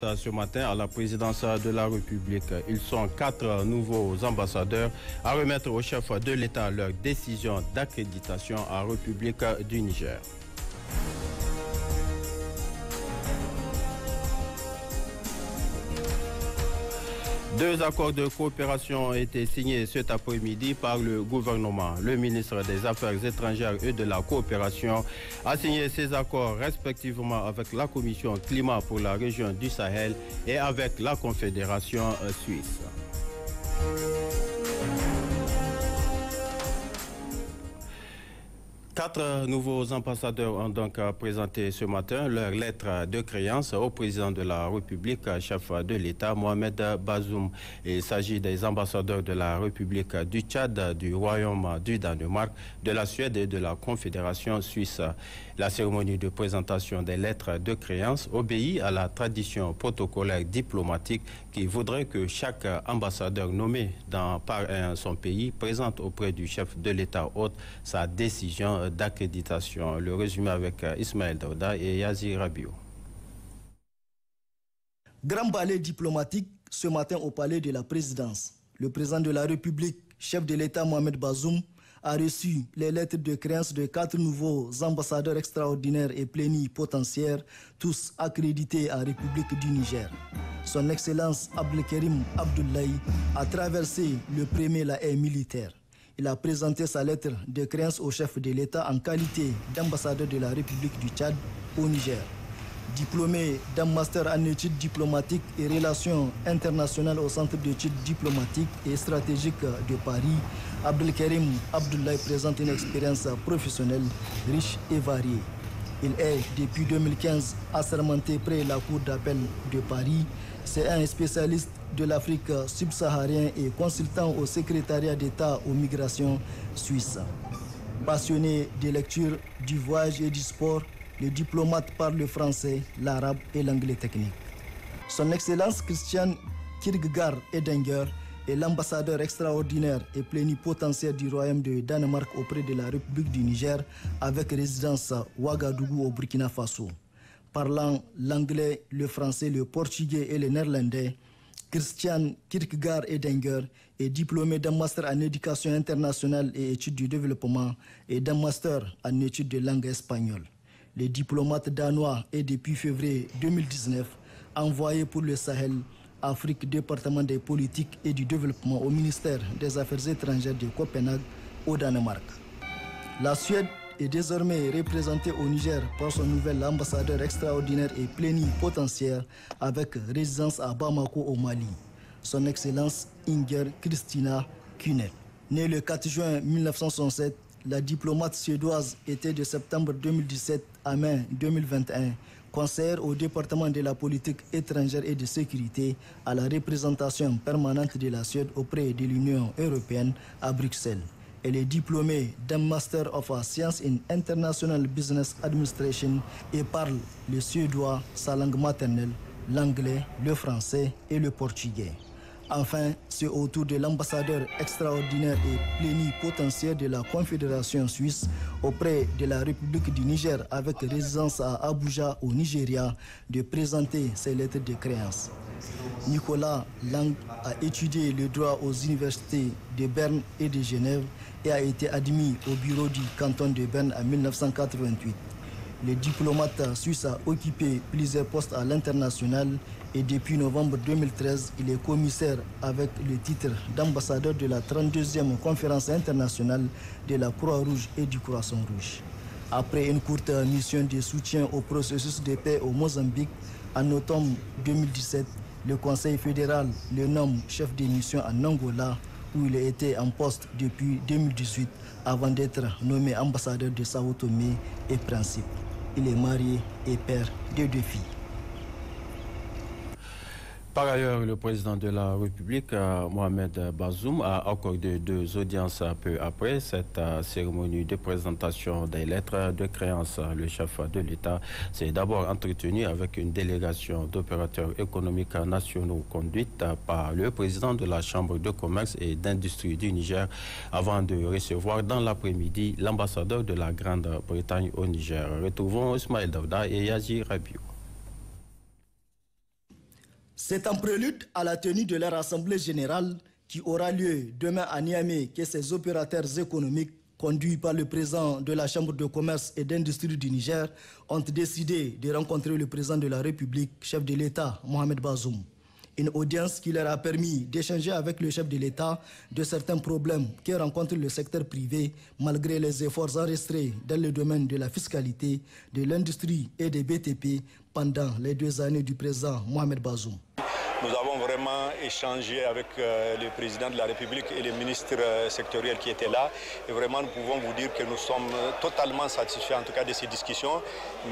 Hein, ce matin, à la présidence de la République, ils sont quatre nouveaux ambassadeurs à remettre au chef de l'État leur décision d'accréditation à la République du Niger. Deux accords de coopération ont été signés cet après-midi par le gouvernement. Le ministre des Affaires étrangères et de la coopération a signé ces accords respectivement avec la Commission climat pour la région du Sahel et avec la Confédération suisse. Quatre nouveaux ambassadeurs ont donc euh, présenté ce matin leur lettre de créance au président de la République, chef de l'État, Mohamed Bazoum. Il s'agit des ambassadeurs de la République du Tchad, du Royaume du Danemark, de la Suède et de la Confédération suisse. La cérémonie de présentation des lettres de créance obéit à la tradition protocolaire diplomatique qui voudrait que chaque ambassadeur nommé dans, par son pays présente auprès du chef de l'État hôte sa décision d'accréditation. Le résumé avec euh, Ismaël Dauda et Yazir Rabio. Grand ballet diplomatique ce matin au palais de la présidence. Le président de la République, chef de l'État Mohamed Bazoum, a reçu les lettres de créance de quatre nouveaux ambassadeurs extraordinaires et plénipotentiaires, tous accrédités à République du Niger. Son Excellence Abdelkerim Abdoulaye a traversé le premier la haie militaire. Il a présenté sa lettre de créance au chef de l'État en qualité d'ambassadeur de la République du Tchad au Niger diplômé d'un master en études diplomatiques et relations internationales au Centre d'études diplomatiques et stratégiques de Paris, Abdelkarim Abdoulaye présente une expérience professionnelle riche et variée. Il est, depuis 2015, assermenté près de la Cour d'appel de Paris. C'est un spécialiste de l'Afrique subsaharienne et consultant au secrétariat d'État aux migrations suisses. Passionné des lectures, du voyage et du sport, le diplomate parle le français, l'arabe et l'anglais technique. Son Excellence Christian Kierkegaard Edinger est l'ambassadeur extraordinaire et plénipotentiaire du Royaume de Danemark auprès de la République du Niger avec résidence à Ouagadougou au Burkina Faso. Parlant l'anglais, le français, le portugais et le néerlandais, Christian Kierkegaard Edinger est diplômé d'un master en éducation internationale et études du développement et d'un master en études de langue espagnole. Les diplomates danois est depuis février 2019 envoyé pour le Sahel, Afrique, département des politiques et du développement au ministère des Affaires étrangères de Copenhague au Danemark. La Suède est désormais représentée au Niger par son nouvel ambassadeur extraordinaire et plénipotentiaire avec résidence à Bamako au Mali, son Excellence Inger Christina Kunel. Née le 4 juin 1967, la diplomate suédoise était de septembre 2017 à mai 2021 conseillère au département de la politique étrangère et de sécurité à la représentation permanente de la Suède auprès de l'Union européenne à Bruxelles. Elle est diplômée d'un Master of Science in International Business Administration et parle le suédois, sa langue maternelle, l'anglais, le français et le portugais. Enfin, c'est au tour de l'ambassadeur extraordinaire et plénipotentiaire de la Confédération suisse auprès de la République du Niger avec résidence à Abuja au Nigeria de présenter ses lettres de créance. Nicolas Lang a étudié le droit aux universités de Berne et de Genève et a été admis au bureau du canton de Berne en 1988. Le diplomate suisse a occupé plusieurs postes à l'international et depuis novembre 2013, il est commissaire avec le titre d'ambassadeur de la 32e conférence internationale de la Croix-Rouge et du Croissant Rouge. Après une courte mission de soutien au processus de paix au Mozambique, en automne 2017, le Conseil fédéral le nomme chef de mission en Angola, où il été en poste depuis 2018 avant d'être nommé ambassadeur de Sao Tomé et Principe. Il est marié et père de deux filles. Par ailleurs, le président de la République, euh, Mohamed Bazoum, a accordé deux audiences peu après cette euh, cérémonie de présentation des lettres de créance. Le chef de l'État s'est d'abord entretenu avec une délégation d'opérateurs économiques nationaux conduite par le président de la Chambre de commerce et d'industrie du Niger avant de recevoir dans l'après-midi l'ambassadeur de la Grande-Bretagne au Niger. Retrouvons Ismaël Davda et Yazir Rabiou. C'est en prélude à la tenue de leur assemblée générale qui aura lieu demain à Niamey que ces opérateurs économiques conduits par le président de la Chambre de commerce et d'industrie du Niger ont décidé de rencontrer le président de la République, chef de l'État, Mohamed Bazoum. Une audience qui leur a permis d'échanger avec le chef de l'État de certains problèmes que rencontre le secteur privé malgré les efforts enregistrés dans le domaine de la fiscalité, de l'industrie et des BTP pendant les deux années du président Mohamed Bazoum. Nous avons vraiment échangé avec euh, le président de la République et les ministres euh, sectoriels qui étaient là. Et vraiment, nous pouvons vous dire que nous sommes totalement satisfaits, en tout cas, de ces discussions.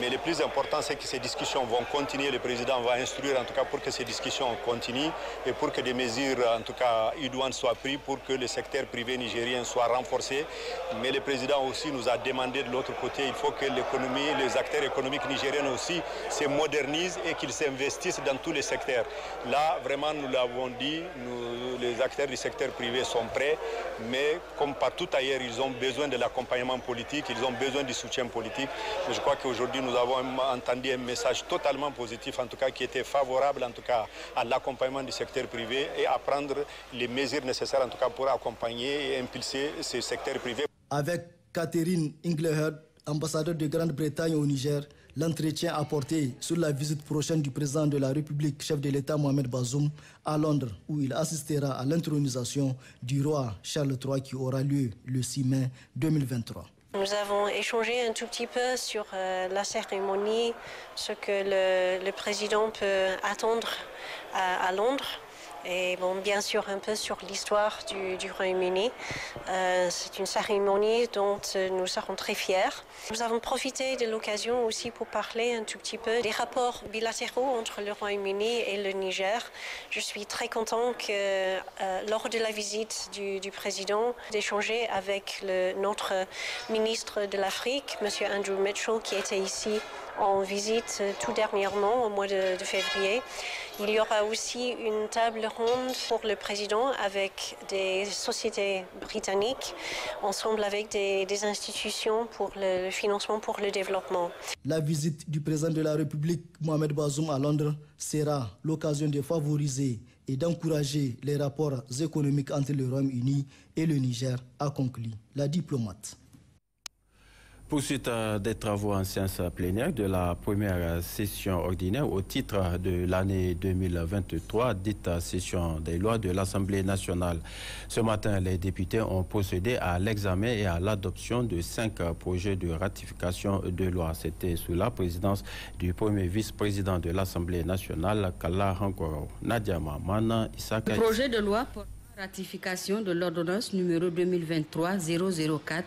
Mais le plus important, c'est que ces discussions vont continuer. Le président va instruire, en tout cas, pour que ces discussions continuent et pour que des mesures, en tout cas, idoines soient prises pour que le secteur privé nigérien soit renforcé. Mais le président aussi nous a demandé de l'autre côté, il faut que l'économie, les acteurs économiques nigériens aussi se modernisent et qu'ils s'investissent dans tous les secteurs. Là, vraiment, nous l'avons dit, les acteurs du secteur privé sont prêts, mais comme partout ailleurs, ils ont besoin de l'accompagnement politique, ils ont besoin du soutien politique. je crois qu'aujourd'hui, nous avons entendu un message totalement positif, en tout cas qui était favorable en tout cas, à l'accompagnement du secteur privé et à prendre les mesures nécessaires en tout cas, pour accompagner et impulser ce secteur privé. Avec Catherine Ingleherd, ambassadeur de Grande-Bretagne au Niger, l'entretien apporté sur la visite prochaine du président de la République, chef de l'État Mohamed Bazoum, à Londres, où il assistera à l'intronisation du roi Charles III qui aura lieu le 6 mai 2023. Nous avons échangé un tout petit peu sur euh, la cérémonie, ce que le, président peut attendre euh, à Londres et bon, bien sûr un peu sur l'histoire du, Royaume-Uni. Euh, c'est une cérémonie dont euh, nous serons très fiers. Nous avons profité de l'occasion aussi pour parler un tout petit peu des rapports bilatéraux entre le Royaume-Uni et le Niger. Je suis très content que euh, lors de la visite du, président d'échanger avec le, notre ministre de l'Afrique, M. Andrew Mitchell, qui était ici en visite euh, tout dernièrement, au mois de, février. Il y aura aussi une table ronde pour le président avec des sociétés britanniques, ensemble avec des, institutions pour le, le financement pour le développement. La visite du président de la République, Mohamed Bazoum, à Londres sera l'occasion de favoriser et d'encourager les rapports économiques entre le Royaume-Uni et le Niger, a conclu la diplomate. Poursuite des travaux en séance plénière de la première session ordinaire au titre de l'année 2023, dite session des lois de l'Assemblée nationale. Ce matin, les députés ont procédé à l'examen et à l'adoption de cinq projets de ratification de loi. C'était sous la présidence du premier vice-président de l'Assemblée nationale, Kala Rankoro, Nadia Projet de loi Ratification de l'ordonnance numéro 2023-004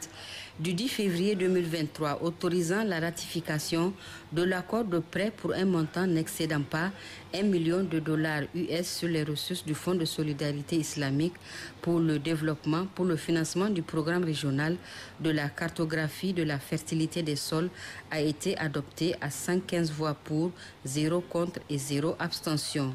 du 10 février 2023 autorisant la ratification de l'accord de prêt pour un montant n'excédant pas 1 million de dollars US sur les ressources du Fonds de solidarité islamique pour le développement pour le financement du programme régional de la cartographie de la fertilité des sols a été adopté à 115 voix pour, 0 contre et 0 abstention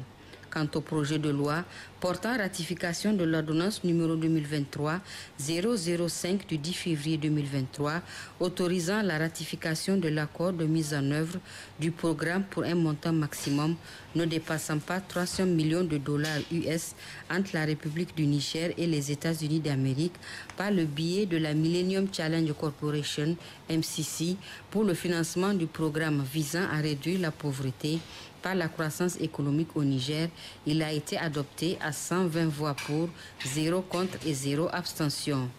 quant au projet de loi portant ratification de l'ordonnance numéro 2023-005 du 10 février 2023 autorisant la ratification de l'accord de mise en œuvre du programme pour un montant maximum ne dépassant pas 300 millions de dollars US entre la République du Niger et les États-Unis d'Amérique par le biais de la Millennium Challenge Corporation MCC pour le financement du programme visant à réduire la pauvreté la croissance économique au Niger, il a été adopté à 120 voix pour, 0 contre et 0 abstention.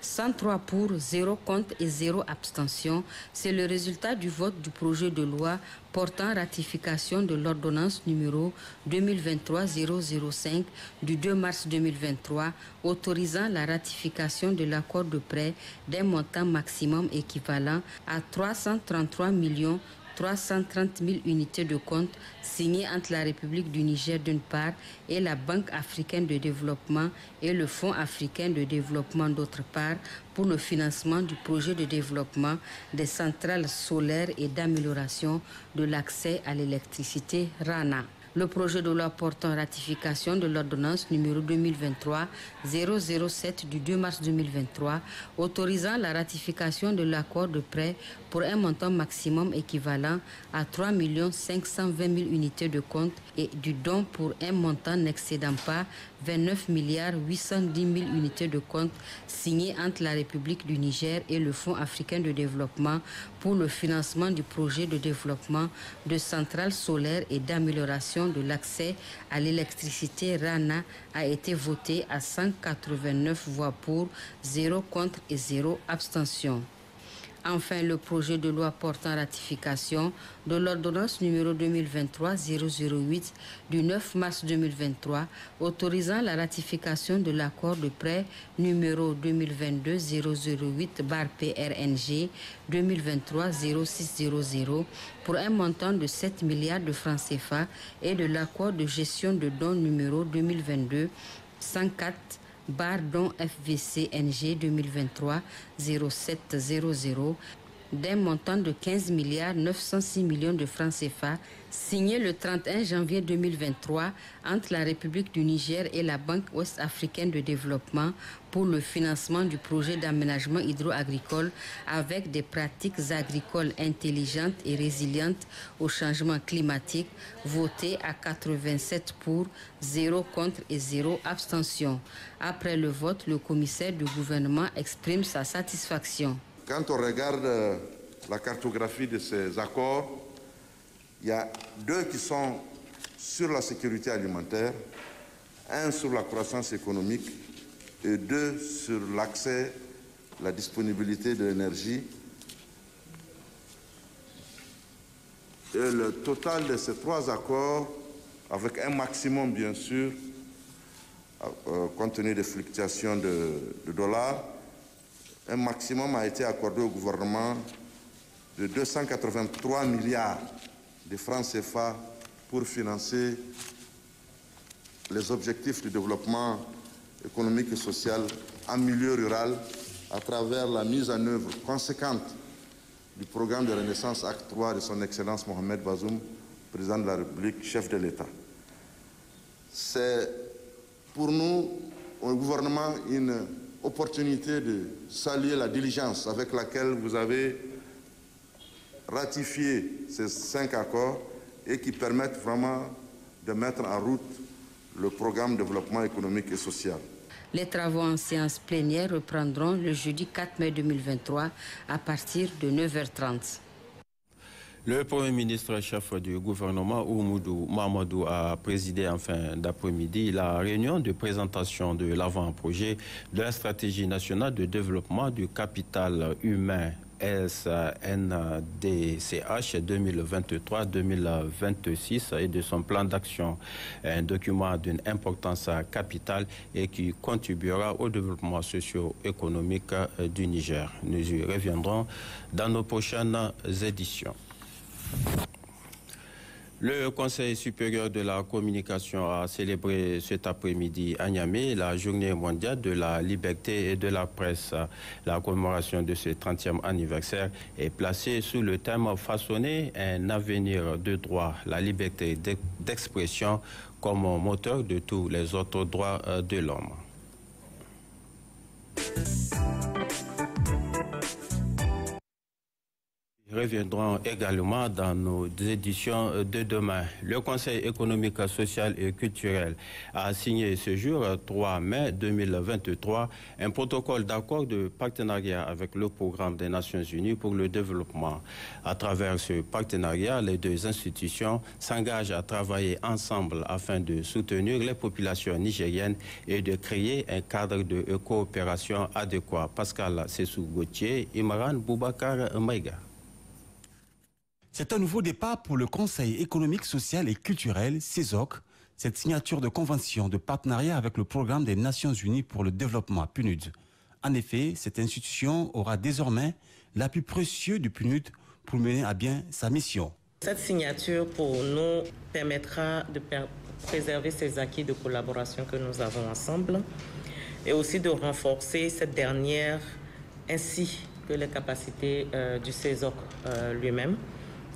103 pour, 0 contre et 0 abstention, c'est le résultat du vote du projet de loi portant ratification de l'ordonnance numéro 2023-005 du 2 mars 2023 autorisant la ratification de l'accord de prêt d'un montant maximum équivalent à 333 millions 330 000 unités de compte signées entre la République du Niger d'une part et la Banque africaine de développement et le Fonds africain de développement d'autre part pour le financement du projet de développement des centrales solaires et d'amélioration de l'accès à l'électricité RANA le projet de loi portant ratification de l'ordonnance numéro 2023-007 du 2 mars 2023 autorisant la ratification de l'accord de prêt pour un montant maximum équivalent à 3 520 000 unités de compte et du don pour un montant n'excédant pas 29 810 000 unités de compte signées entre la République du Niger et le Fonds africain de développement pour le financement du projet de développement de centrales solaires et d'amélioration de l'accès à l'électricité RANA a été voté à 189 voix pour, 0 contre et 0 abstention. Enfin, le projet de loi portant ratification de l'ordonnance numéro 2023-008 du 9 mars 2023 autorisant la ratification de l'accord de prêt numéro 2022-008 PRNG 2023-0600 pour un montant de 7 milliards de francs CFA et de l'accord de gestion de dons numéro 2022 104 Bardon FVCNG 2023 0700 d'un montant de 15 milliards 906 millions de francs CFA signé le 31 janvier 2023 entre la République du Niger et la Banque ouest-africaine de développement pour le financement du projet d'aménagement hydro-agricole avec des pratiques agricoles intelligentes et résilientes au changement climatique, voté à 87 pour, 0 contre et 0 abstention. Après le vote, le commissaire du gouvernement exprime sa satisfaction. Quand on regarde euh, la cartographie de ces accords, il y a deux qui sont sur la sécurité alimentaire, un sur la croissance économique et deux sur l'accès, la disponibilité de l'énergie. Et le total de ces trois accords, avec un maximum bien sûr, euh, compte tenu des fluctuations de, de dollars, un maximum a été accordé au gouvernement de 283 milliards de france CFA pour financer les objectifs du développement économique et social en milieu rural à travers la mise en œuvre conséquente du programme de Renaissance Acte 3 de son Excellence Mohamed Bazoum, président de la République, chef de l'État. C'est pour nous, au gouvernement, une opportunité de saluer la diligence avec laquelle vous avez ratifier ces cinq accords et qui permettent vraiment de mettre en route le programme de développement économique et social. Les travaux en séance plénière reprendront le jeudi 4 mai 2023 à partir de 9h30. Le Premier ministre chef du gouvernement, Oumoudou Mamadou, a présidé en fin d'après-midi la réunion de présentation de l'avant-projet de la stratégie nationale de développement du capital humain SNDCH 2023-2026 et de son plan d'action, un document d'une importance capitale et qui contribuera au développement socio-économique euh, du Niger. Nous y reviendrons dans nos prochaines éditions. Le Conseil supérieur de la communication a célébré cet après-midi à Niamey la journée mondiale de la liberté et de la presse. La commémoration de ce 30e anniversaire est placée sous le thème Façonner un avenir de droit, la liberté d'expression comme moteur de tous les autres droits de l'homme. reviendrons également dans nos éditions de demain. Le Conseil économique, social et culturel a signé ce jour, 3 mai 2023, un protocole d'accord de partenariat avec le programme des Nations Unies pour le développement. À travers ce partenariat, les deux institutions s'engagent à travailler ensemble afin de soutenir les populations nigériennes et de créer un cadre de coopération adéquat. Pascal Sessou Gauthier, Imran Boubacar Maïga. C'est un nouveau départ pour le Conseil économique, social et culturel, CESOC. Cette signature de convention de partenariat avec le programme des Nations Unies pour le développement, PNUD. En effet, cette institution aura désormais l'appui précieux du PNUD pour mener à bien sa mission. Cette signature pour nous permettra de préserver ces acquis de collaboration que nous avons ensemble et aussi de renforcer cette dernière ainsi que les capacités euh, du CESOC euh, lui-même.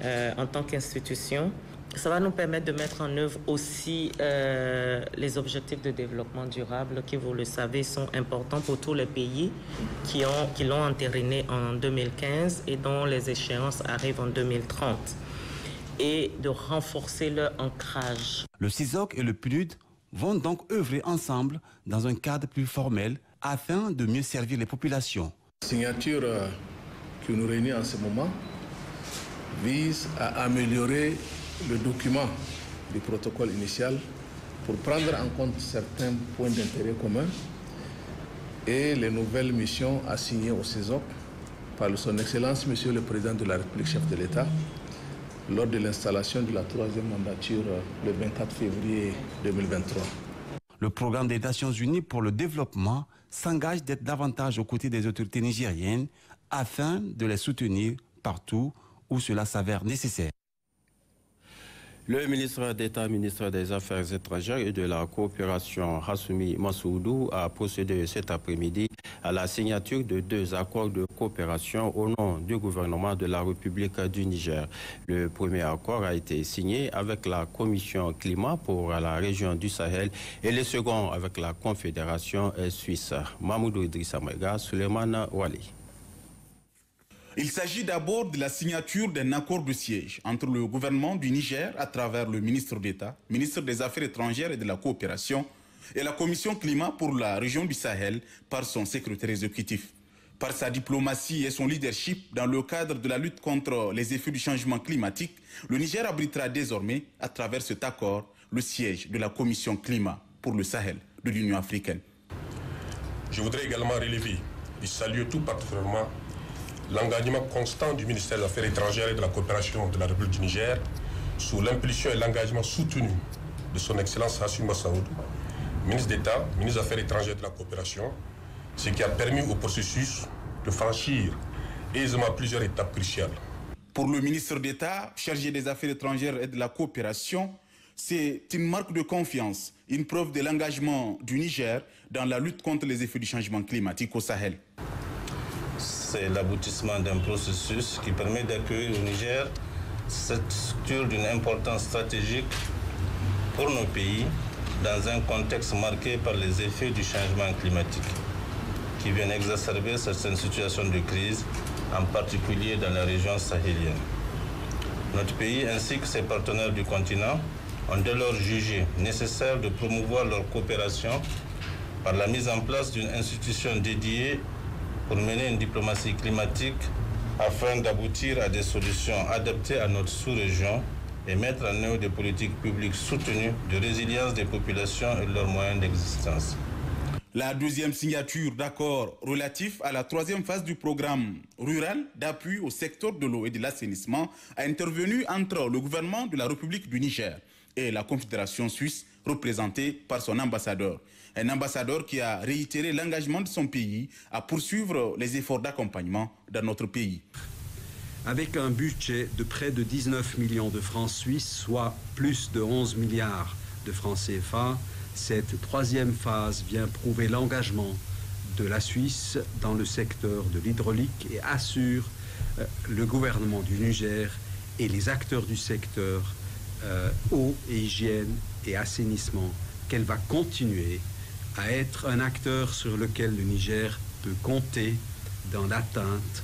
Euh, en tant qu'institution. Ça va nous permettre de mettre en œuvre aussi euh, les objectifs de développement durable qui, vous le savez, sont importants pour tous les pays qui, ont, qui l'ont entériné en 2015 et dont les échéances arrivent en 2030 et de renforcer leur ancrage. Le CISOC et le PNUD vont donc œuvrer ensemble dans un cadre plus formel afin de mieux servir les populations. Signature euh, qui nous réunit en ce moment, vise à améliorer le document du protocole initial pour prendre en compte certains points d'intérêt communs et les nouvelles missions assignées au CESOP par son Excellence Monsieur le Président de la République, chef de l'État, lors de l'installation de la troisième mandature le 24 février 2023. Le programme des Nations Unies pour le développement s'engage d'être davantage aux côtés des autorités nigériennes afin de les soutenir partout où cela s'avère nécessaire. Le ministre d'État, ministre des Affaires étrangères et de la coopération, Hassoumi Massoudou, a procédé cet après-midi à la signature de deux accords de coopération au nom du gouvernement de la République du Niger. Le premier accord a été signé avec la Commission climat pour la région du Sahel et le second avec la Confédération suisse. Mamoudou Idrissa Suleiman Wali. Il s'agit d'abord de la signature d'un accord de siège entre le gouvernement du Niger à travers le ministre d'État, ministre des Affaires étrangères et de la coopération, et la Commission climat pour la région du Sahel par son secrétaire exécutif. Par sa diplomatie et son leadership dans le cadre de la lutte contre les effets du changement climatique, le Niger abritera désormais, à travers cet accord, le siège de la Commission climat pour le Sahel de l'Union africaine. Je voudrais également relever et saluer tout particulièrement l'engagement constant du ministère des Affaires étrangères et de la coopération de la République du Niger, sous l'impulsion et l'engagement soutenu de son Excellence Hassim Massaoud, ministre d'État, ministre des Affaires étrangères et de la coopération, ce qui a permis au processus de franchir aisément plusieurs étapes cruciales. Pour le ministre d'État, chargé des Affaires étrangères et de la coopération, c'est une marque de confiance, une preuve de l'engagement du Niger dans la lutte contre les effets du changement climatique au Sahel c'est l'aboutissement d'un processus qui permet d'accueillir au Niger cette structure d'une importance stratégique pour nos pays dans un contexte marqué par les effets du changement climatique qui viennent exacerber certaines situations de crise, en particulier dans la région sahélienne. Notre pays ainsi que ses partenaires du continent ont dès lors jugé nécessaire de promouvoir leur coopération par la mise en place d'une institution dédiée pour mener une diplomatie climatique afin d'aboutir à des solutions adaptées à notre sous-région et mettre en œuvre des politiques publiques soutenues de résilience des populations et de leurs moyens d'existence. La deuxième signature d'accord relatif à la troisième phase du programme rural d'appui au secteur de l'eau et de l'assainissement a intervenu entre le gouvernement de la République du Niger et la Confédération suisse représenté par son ambassadeur. Un ambassadeur qui a réitéré l'engagement de son pays à poursuivre les efforts d'accompagnement dans notre pays. Avec un budget de près de 19 millions de francs suisses, soit plus de 11 milliards de francs CFA, cette troisième phase vient prouver l'engagement de la Suisse dans le secteur de l'hydraulique et assure euh, le gouvernement du Niger et les acteurs du secteur euh, eau et hygiène et assainissement qu'elle va continuer à être un acteur sur lequel le Niger peut compter dans l'atteinte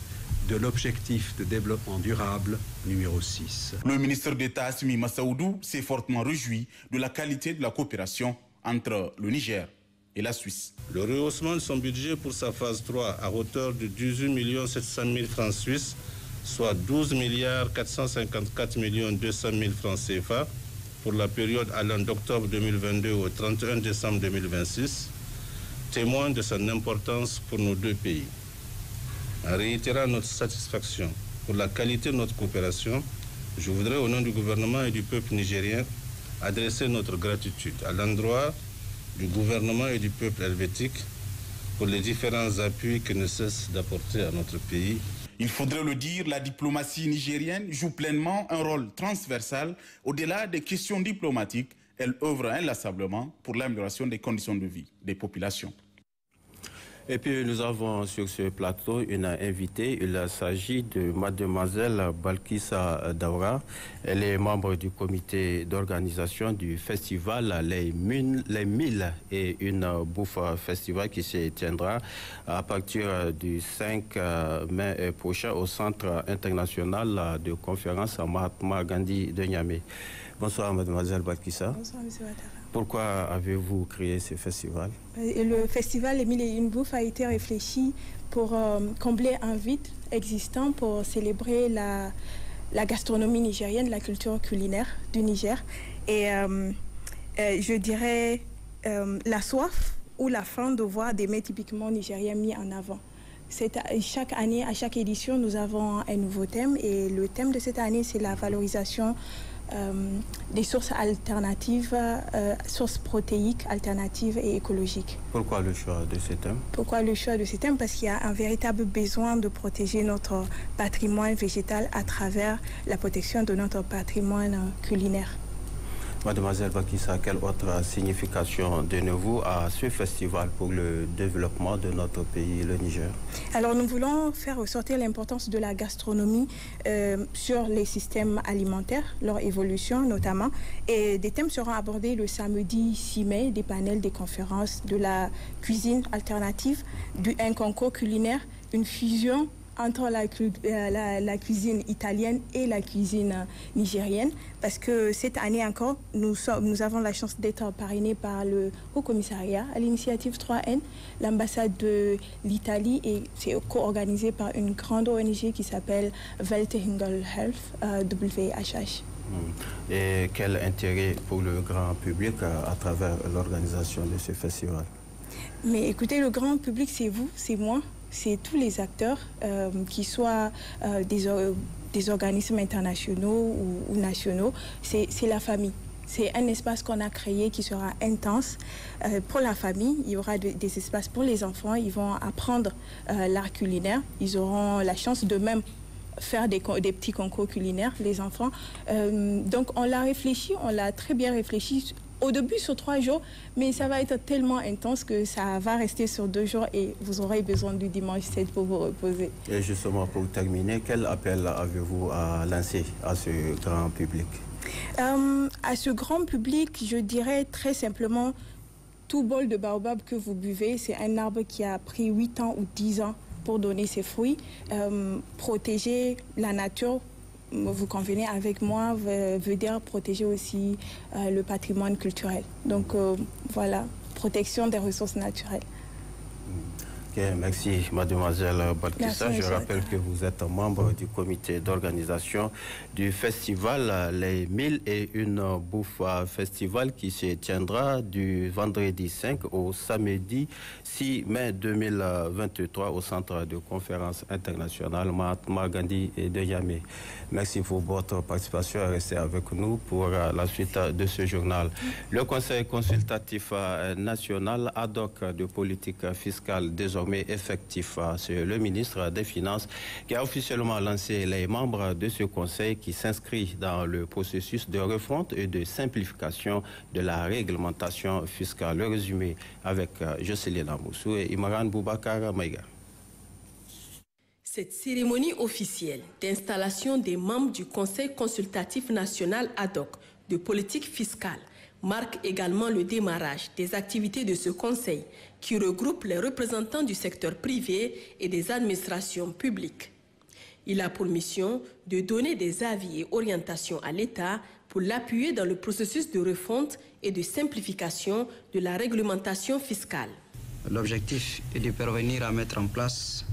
de l'objectif de développement durable numéro 6. Le ministre d'État Assimi Massaoudou s'est fortement réjoui de la qualité de la coopération entre le Niger et la Suisse. Le rehaussement de son budget pour sa phase 3 à hauteur de 18 700 000 francs suisses, soit 12 milliards 454 200 000 francs CFA, pour la période allant d'octobre 2022 au 31 décembre 2026 témoigne de son importance pour nos deux pays. En réitérant notre satisfaction pour la qualité de notre coopération, je voudrais, au nom du gouvernement et du peuple nigérien, adresser notre gratitude à l'endroit du gouvernement et du peuple helvétique pour les différents appuis que ne cesse d'apporter à notre pays il faudrait le dire, la diplomatie nigérienne joue pleinement un rôle transversal au-delà des questions diplomatiques. Elle œuvre inlassablement pour l'amélioration des conditions de vie des populations. Et puis nous avons sur ce plateau une invitée. Il s'agit de mademoiselle Balkissa Daura. Elle est membre du comité d'organisation du festival Les, Mille, Les et une bouffe festival qui se tiendra à partir du 5 euh, mai prochain au Centre international de conférence Mahatma Gandhi de Niamey. Bonsoir mademoiselle Balkissa. Bonsoir monsieur pourquoi avez-vous créé ce festival euh, Le festival Émile et une bouffe a été réfléchi pour euh, combler un vide existant pour célébrer la, gastronomie nigérienne, la culture culinaire du Niger. Et euh, je dirais la soif ou la faim de voir des mets typiquement nigériens mis en avant. Chaque année, à chaque édition, nous avons un nouveau thème et le thème de cette année, c'est la valorisation euh, des sources alternatives, euh, sources protéiques alternatives et écologiques. Pourquoi le choix de cet homme Pourquoi le choix de cet thème Parce qu'il y a un véritable besoin de protéger notre patrimoine végétal à travers la protection de notre patrimoine euh, culinaire. Mademoiselle Bakissa, quelle autre signification de nouveau à ce festival pour le développement de notre pays, le Niger Alors nous voulons faire ressortir l'importance de la gastronomie euh, sur les systèmes alimentaires, leur évolution notamment. Et des thèmes seront abordés le samedi 6 mai, des panels, des conférences, de la cuisine alternative, du un concours culinaire, une fusion entre euh, la, cuisine italienne et la cuisine euh, nigérienne, parce que cette année encore, nous, nous avons la chance d'être parrainés par le Haut Commissariat à l'initiative 3N, l'ambassade de l'Italie, et c'est co-organisé par une grande ONG qui s'appelle Weltehingel Health, WHH. Euh, hmm. Et quel intérêt pour le grand public à travers l'organisation de ce festival Mais écoutez, le grand public, c'est vous, c'est moi, c'est tous les acteurs, qu'ils euh, qui soient euh, des, organismes internationaux ou, nationaux, c'est la famille. C'est un espace qu'on a créé qui sera intense euh, pour la famille. Il y aura des espaces pour les enfants. Ils vont apprendre l'art culinaire. Ils auront la chance de même faire des, des, petits concours culinaires, les enfants. donc on l'a réfléchi, on l'a très bien réfléchi au début sur trois jours, mais ça va être tellement intense que ça va rester sur deux jours et vous aurez besoin du dimanche 7 pour vous reposer. Et justement, pour terminer, quel appel avez-vous à lancer à ce grand public euh, À ce grand public, je dirais très simplement, tout bol de baobab que vous buvez, c'est un arbre qui a pris 8 ans ou 10 ans pour donner ses fruits, euh, protéger la nature, vous convenez avec moi, veut dire protéger aussi euh, le patrimoine culturel. Donc euh, voilà, protection des ressources naturelles merci, mademoiselle Batissa. Je rappelle que vous êtes membre du comité d'organisation du festival Les Mille et Une bouffe euh, Festival qui se tiendra du vendredi 5 au samedi 6 mai 2023 au centre de conférences internationales Mahatma Gandhi et de Yamé. Merci pour votre participation restez avec nous pour euh, la suite de ce journal. Le Conseil consultatif euh, national ad hoc de politique fiscale désormais effectif. C'est le ministre des Finances qui a officiellement lancé les membres de ce conseil qui s'inscrit dans le processus de refonte et de simplification de la réglementation fiscale. Le résumé avec euh, Jocelyne Amoussou et Imran Boubacar Maïga. Cette cérémonie officielle d'installation des membres du Conseil consultatif national ad hoc de politique fiscale marque également le démarrage des activités de ce Conseil qui regroupe les représentants du secteur privé et des administrations publiques. Il a pour mission de donner des avis et orientations à l'État pour l'appuyer dans le processus de refonte et de simplification de la réglementation fiscale. L'objectif est de parvenir à mettre en place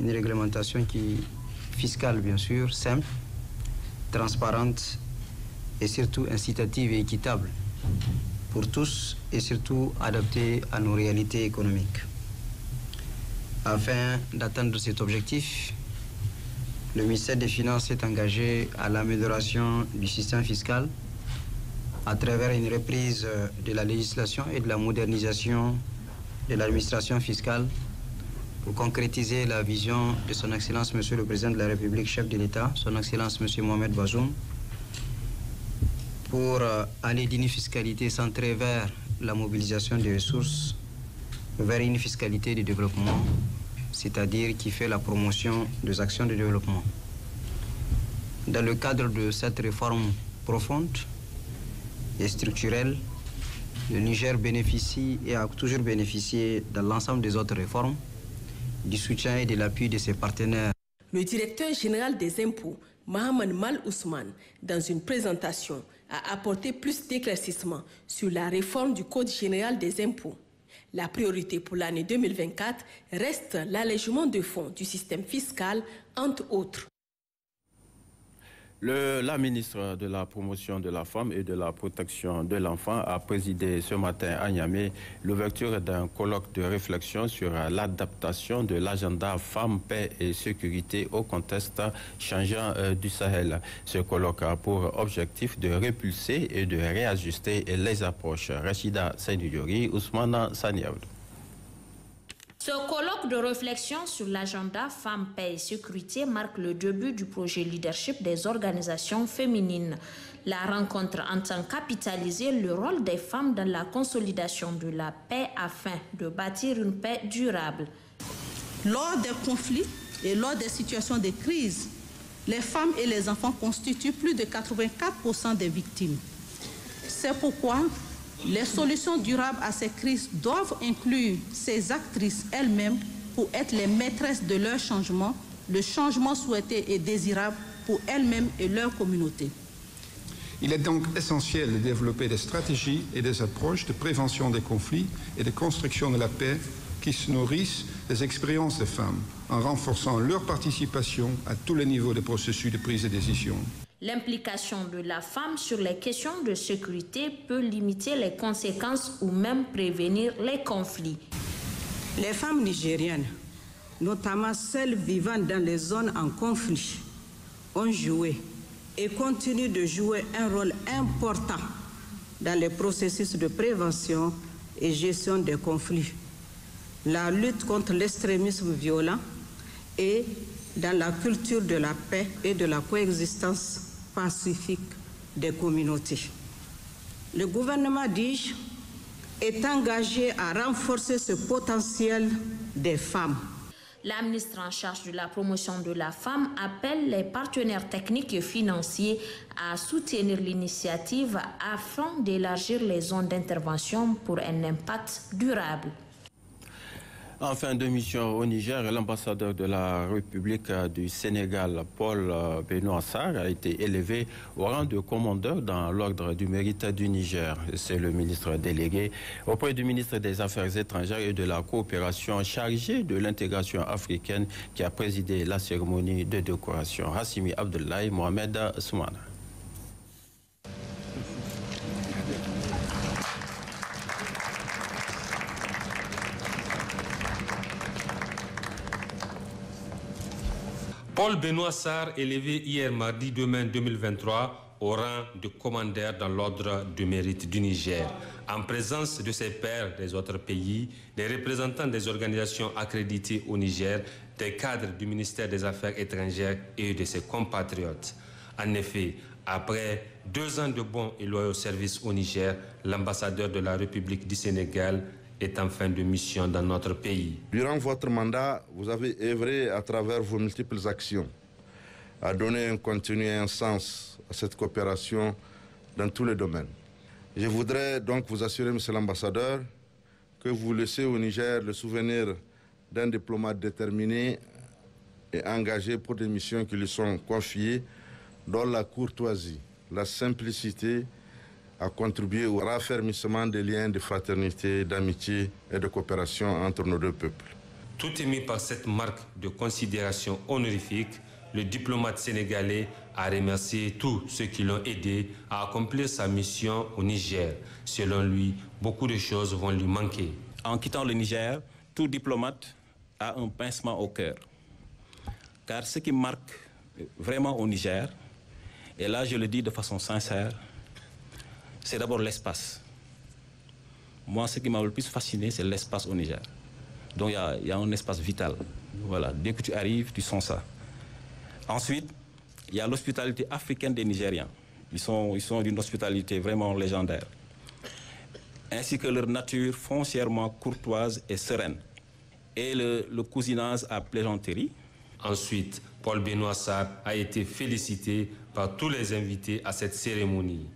une réglementation qui fiscale bien sûr, simple, transparente et surtout incitative et équitable pour tous et surtout adapté à nos réalités économiques. Afin d'atteindre cet objectif, le ministère des Finances s'est engagé à l'amélioration du système fiscal à travers une reprise de la législation et de la modernisation de l'administration fiscale pour concrétiser la vision de Son Excellence Monsieur le Président de la République, chef de l'État, Son Excellence Monsieur Mohamed Bazoum, pour euh, aller d'une fiscalité centrée vers la mobilisation des ressources, vers une fiscalité de développement, c'est-à-dire qui fait la promotion des actions de développement. Dans le cadre de cette réforme profonde et structurelle, le Niger bénéficie et a toujours bénéficié dans l'ensemble des autres réformes du soutien et de l'appui de ses partenaires. Le directeur général des impôts, Mohamed Mal Ousmane, dans une présentation, a apporté plus d'éclaircissement sur la réforme du Code général des impôts. La priorité pour l'année 2024 reste l'allègement de fonds du système fiscal, entre autres la ministre de la Promotion de la Femme et de la Protection de l'Enfant a présidé ce matin à Niamey l'ouverture d'un colloque de réflexion sur l'adaptation de l'agenda Femme, Paix et Sécurité au contexte changeant euh, du Sahel. Ce colloque a pour objectif de repulser et de réajuster les approches. Rachida Ousmane ce colloque de réflexion sur l'agenda Femmes, Paix et Sécurité marque le début du projet leadership des organisations féminines. La rencontre entend capitaliser le rôle des femmes dans la consolidation de la paix afin de bâtir une paix durable. Lors des conflits et lors des situations de crise, les femmes et les enfants constituent plus de 84% des victimes. C'est pourquoi les solutions durables à ces crises doivent inclure ces actrices elles-mêmes pour être les maîtresses de leur changement, le changement souhaité et désirable pour elles-mêmes et leur communauté. Il est donc essentiel de développer des stratégies et des approches de prévention des conflits et de construction de la paix qui se nourrissent des expériences des femmes en renforçant leur participation à tous les niveaux des processus de prise de décision. L'implication de la femme sur les questions de sécurité peut limiter les conséquences ou même prévenir les conflits. Les femmes nigériennes, notamment celles vivant dans les zones en conflit, ont joué et continuent de jouer un rôle important dans les processus de prévention et gestion des conflits, la lutte contre l'extrémisme violent et dans la culture de la paix et de la coexistence pacifique des communautés. Le gouvernement dis-je, est engagé à renforcer ce potentiel des femmes. La ministre en charge de la promotion de la femme appelle les partenaires techniques et financiers à soutenir l'initiative afin d'élargir les zones d'intervention pour un impact durable. En fin de mission au Niger, l'ambassadeur de la République du Sénégal, Paul euh, Benoît Sarr, a été élevé au rang de commandeur dans l'ordre du mérite du Niger. C'est le ministre délégué auprès du ministre des Affaires étrangères et de la coopération chargé de l'intégration africaine qui a présidé la cérémonie de décoration. Hassimi Abdoulaye Mohamed Soumana. Paul Benoît Sarr hier mardi demain 2023 au rang de commandeur dans l'ordre du mérite du Niger, en présence de ses pairs des autres pays, des représentants des organisations accréditées au Niger, des cadres du ministère des Affaires étrangères et de ses compatriotes. En effet, après deux ans de bons et loyaux services au Niger, l'ambassadeur de la République du Sénégal est en fin de mission dans notre pays. Durant votre mandat, vous avez œuvré à travers vos multiples actions à donner un contenu et un sens à cette coopération dans tous les domaines. Je voudrais donc vous assurer, Monsieur l'Ambassadeur, que vous laissez au Niger le souvenir d'un diplomate déterminé et engagé pour des missions qui lui sont confiées, dont la courtoisie, la simplicité, a contribué au raffermissement des liens de fraternité, d'amitié et de coopération entre nos deux peuples. Tout émis par cette marque de considération honorifique, le diplomate sénégalais a remercié tous ceux qui l'ont aidé à accomplir sa mission au Niger. Selon lui, beaucoup de choses vont lui manquer. En quittant le Niger, tout diplomate a un pincement au cœur. Car ce qui marque vraiment au Niger, et là je le dis de façon sincère, c'est d'abord l'espace. Moi, ce qui m'a le plus fasciné, c'est l'espace au Niger. Donc, il y, a un espace vital. Voilà, dès que tu arrives, tu sens ça. Ensuite, il y a l'hospitalité africaine des Nigériens. Ils sont, d'une hospitalité vraiment légendaire. Ainsi que leur nature foncièrement courtoise et sereine. Et le, le cousinage à plaisanterie. Ensuite, Paul Benoît Sarr a été félicité par tous les invités à cette cérémonie.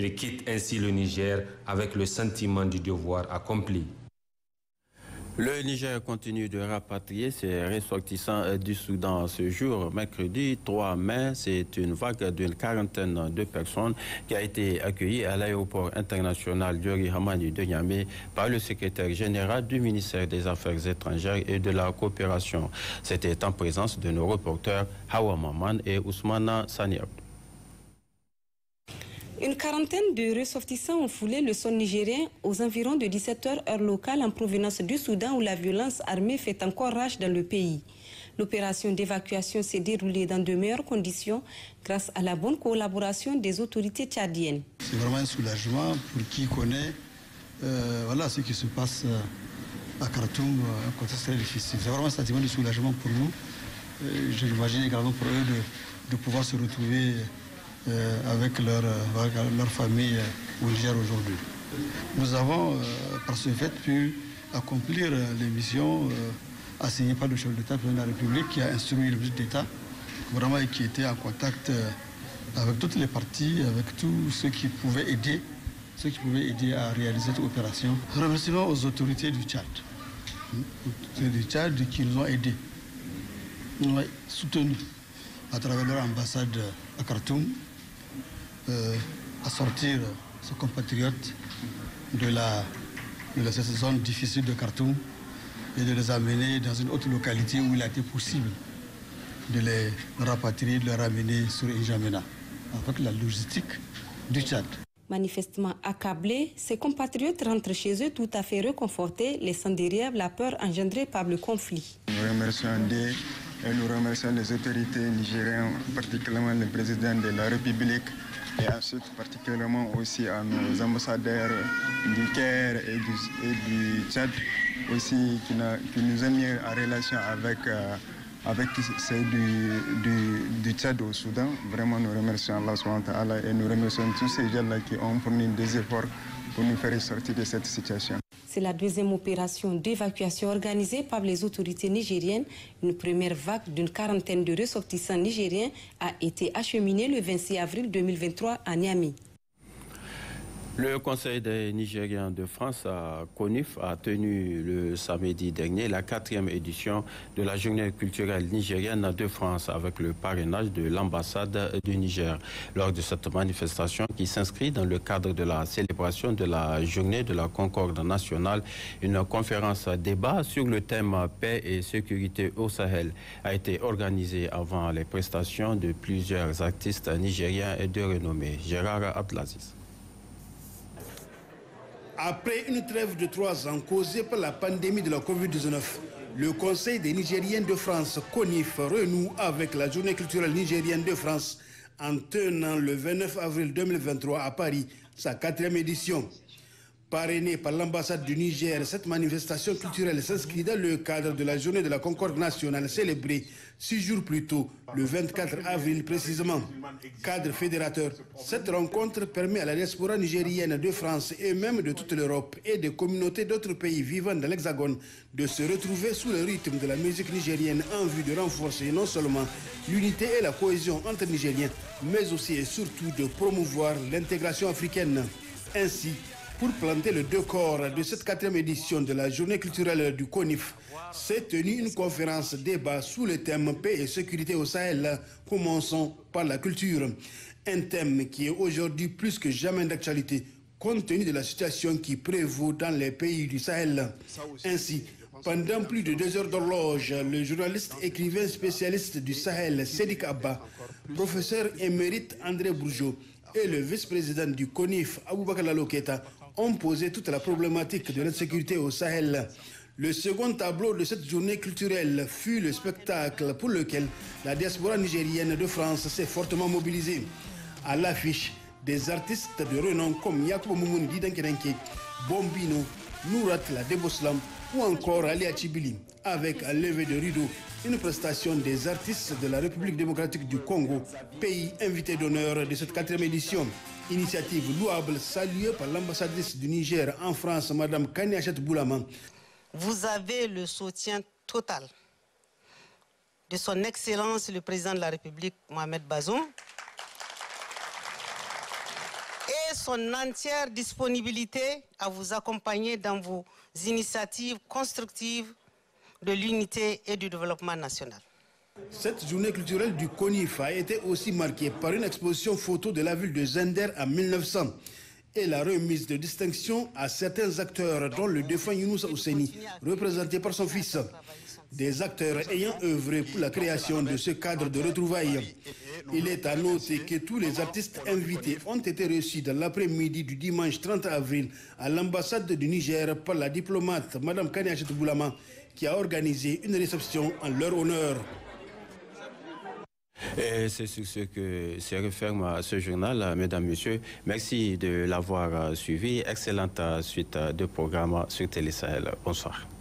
Il quitte ainsi le Niger avec le sentiment du devoir accompli. Le Niger continue de rapatrier ses ressortissants du Soudan ce jour, mercredi 3 mai. C'est une vague d'une quarantaine de personnes qui a été accueillie à l'aéroport international Diori Hamani de Niamey par le secrétaire général du ministère des Affaires étrangères et de la coopération. C'était en présence de nos reporters Hawa Maman et Ousmana Saniab. Une quarantaine de ressortissants ont foulé le sol nigérien aux environs de 17h heure locale en provenance du Soudan où la violence armée fait encore rage dans le pays. L'opération d'évacuation s'est déroulée dans de meilleures conditions grâce à la bonne collaboration des autorités tchadiennes. C'est vraiment un soulagement pour qui connaît euh, voilà, ce qui se passe euh, à Khartoum, euh, un contexte très difficile. C'est vraiment un sentiment de soulagement pour nous. je l'imagine également pour eux de, de pouvoir se retrouver. Euh, avec leur, euh, leur famille au euh, Niger aujourd'hui. Nous avons, par ce fait, pu accomplir les missions assignées par le chef d'État, de la République, qui a instruit le budget d'État, et qui était en contact avec toutes les parties, avec tous ceux qui pouvaient aider, ceux qui pouvaient aider à réaliser cette opération. Remercions aux autorités du Tchad, autorités du Tchad qui nous ont aidés, nous ont soutenus à travers leur ambassade à Khartoum, euh, à sortir ses compatriotes de la, de cette zone difficile de Khartoum et de les amener dans une autre localité où il a été possible de les rapatrier, de les ramener sur N'Djamena, avec la logistique du Tchad. Manifestement accablés, ses compatriotes rentrent chez eux tout à fait réconfortés, laissant derrière la peur engendrée par le conflit. Nous remercions nous remercions les autorités nigériennes, particulièrement le président de la République, et ensuite particulièrement aussi à nos ambassadeurs du Caire et du, Tchad aussi qui, nous ont mis en relation avec, euh, avec ceux du, du, Tchad au Soudan. Vraiment nous remercions Allah et nous remercions tous ces gens-là qui ont fourni des efforts pour nous faire sortir de cette situation. C'est la deuxième opération d'évacuation organisée par les autorités nigériennes. Une première vague d'une quarantaine de ressortissants nigériens a été acheminée le 26 avril 2023 à Niamey. Le Conseil des Nigériens de France à CONIF a tenu le samedi dernier la quatrième édition de la journée culturelle nigérienne de France avec le parrainage de l'ambassade du Niger. Lors de cette manifestation qui s'inscrit dans le cadre de la célébration de la journée de la concorde nationale, une conférence débat sur le thème paix et sécurité au Sahel a été organisée avant les prestations de plusieurs artistes nigériens et de renommée. Gérard Atlasis. Après une trêve de trois ans causée par la pandémie de la Covid-19, le Conseil des Nigériens de France, CONIF, renoue avec la Journée culturelle nigérienne de France en tenant le 29 avril 2023 à Paris sa quatrième édition. Parrainée par l'ambassade du Niger, cette manifestation culturelle s'inscrit dans le cadre de la journée de la concorde nationale célébrée six jours plus tôt, le 24 avril précisément. Cadre fédérateur, cette rencontre permet à la diaspora nigérienne de France et même de toute l'Europe et des communautés d'autres pays vivant dans l'Hexagone de se retrouver sous le rythme de la musique nigérienne en vue de renforcer non seulement l'unité et la cohésion entre Nigériens, mais aussi et surtout de promouvoir l'intégration africaine. Ainsi, pour planter le décor de cette quatrième édition de la journée culturelle du CONIF. S'est tenue une conférence débat sous le thème paix et sécurité au Sahel. Commençons par la culture. Un thème qui est aujourd'hui plus que jamais d'actualité compte tenu de la situation qui prévaut dans les pays du Sahel. Ainsi, pendant plus de deux heures d'horloge, le journaliste écrivain spécialiste du Sahel, Sédic Abba, professeur émérite André Bourgeot et le vice-président du CONIF, Aboubakar Loketa, ont posé toute la problématique de sécurité au Sahel. Le second tableau de cette journée culturelle fut le spectacle pour lequel la diaspora nigérienne de France s'est fortement mobilisée. À l'affiche, des artistes de renom comme Yakubo Moumouni Didankerenke, Bombino, Nourat la Deboslam ou encore Ali Achibili, avec un lever de rideau, une prestation des artistes de la République démocratique du Congo, pays invité d'honneur de cette quatrième édition. Initiative louable saluée par l'ambassadrice du Niger en France, Mme Kani Boulaman. Vous avez le soutien total de son Excellence le Président de la République, Mohamed Bazoum, et son entière disponibilité à vous accompagner dans vos initiatives constructives de l'unité et du développement national. Cette journée culturelle du a été aussi marquée par une exposition photo de la ville de Zender en 1900 et la remise de distinction à certains acteurs, dont le défunt Younous Ouseni, représenté par son fils. Des acteurs ayant œuvré pour la création de ce cadre de retrouvailles. Il est annoncé que tous les artistes invités ont été reçus dans l'après-midi du dimanche 30 avril à l'ambassade du Niger par la diplomate Mme Kanyachet Boulama, qui a organisé une réception en leur honneur. C'est sur ce que se referme ce journal, mesdames, messieurs. Merci de l'avoir euh, suivi. Excellente euh, suite euh, de programme sur Télé Sahel. Bonsoir.